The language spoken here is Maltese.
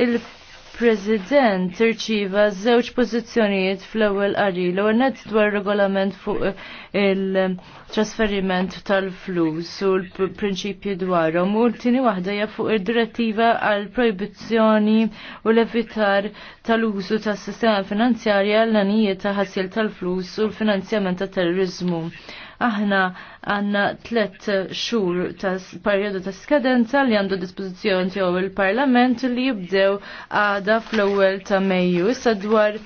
il-President irċiva żewġ pożizzjonijiet fl-ewwel qari. L-ewwel dwar regolament fuq il-trasferiment tal-flus u l-prinċipji dwarhom u l-tieni waħda hija fuq id-direttiva għal proibizzjoni u l-evitar tal-użu tas-sistema finanzjarja l-anijiet ta' ħasil tal-flus u l-finanzjament tat terrorizmu aħna għanna tlet xhur ta' periodu ta' skadenza li għandu dispożizzjoni tiegħu il-Parlament li jibdew għada fl-ewwel ta' Mejju. Issa dwar